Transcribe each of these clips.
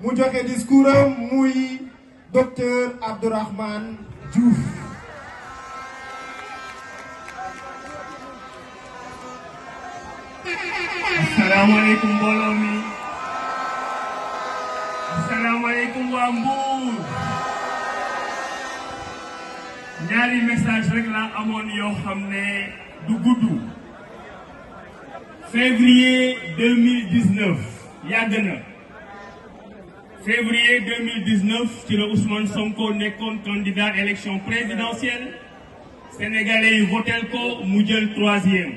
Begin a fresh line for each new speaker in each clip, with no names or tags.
mu joxe discours am muy docteur Abdourahmane Diouf asalaamaaleykum mbooloo mi asalaamaaleykum waa Mbour ñaari yàgg février 2019 si Ousmane Sonko qu'un candidat à l'élection présidentielle sénégalais votent le ko troisième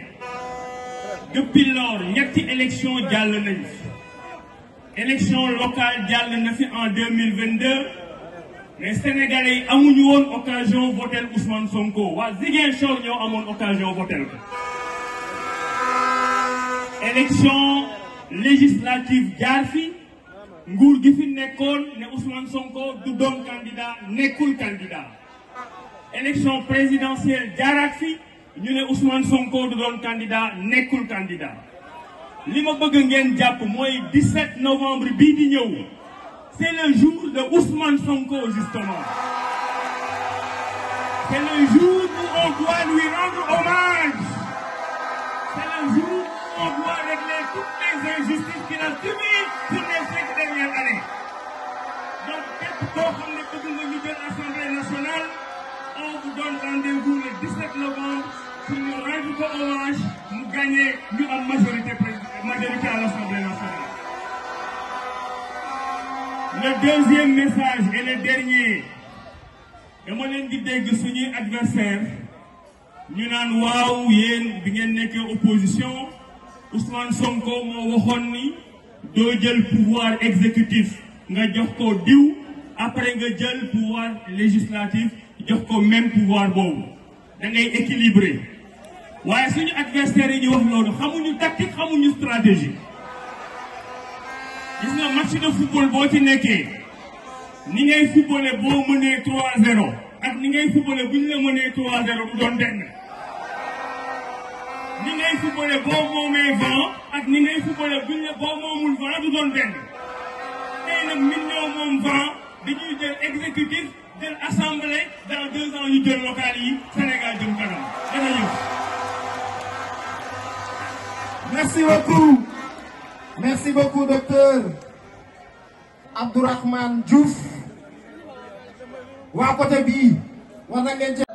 depuis lors y élection l'élection nañu élection locale jàll en 2022 mais sénégalais yi amuñu l'occasion occasion voter Ousmane Sonko Ils ont eu l'occasion occasion votel élection législative Garfi Ngour Gifin Nekon ne Ousmane Sonko du candidat Nekoul candidat élection présidentielle Garfi nous ne Ousmane Sonko du candidat Nekoul candidat li ma bëgg 17 novembre Bidigno. c'est le jour de Ousmane Sonko justement c'est le jour où on doit lui rendre hommage c'est le jour on doit régler toutes les injustices qu'il a subies pour les cinq dernières années. Donc, peut-être qu'on ne bëgg de l'Assemblée nationale on vous donne rendez-vous le 17 novembre pour nous rendre orange, hommage nous gagner une majorité majorité à l'assemblée nationale. le deuxième message et le dernier je moi que dis un adversaire nous nous pas yéen d'être une opposition. Ousmane Sonko moo waxoon ni do jël pouvoir exécutif nga jox ko diw après nga jël pouvoir législatif jox ko même pouvoir bobu da ngay équilibré waye suñu adversaire ñi wax lolu xamuñu tactique xamuñu stratégie gis nga match de football bo ci nekkee ni ngay footballé bo mënee 3-0 ak ni ngay footballé buñ la mënee 3-0 du doon benn ni ngay footballé boo momé vent ak ni ngay footballé buñ la boo moomul vent du doon benn tey nag ñun ñoo moom vent ñuy jël exécutif jël assemblée dans deux ans ñu jël local yi Sénégal jëm kanam dana merci beaucoup merci beaucoup docteur Abdourahmane Diouf waa côté bii war na ngeen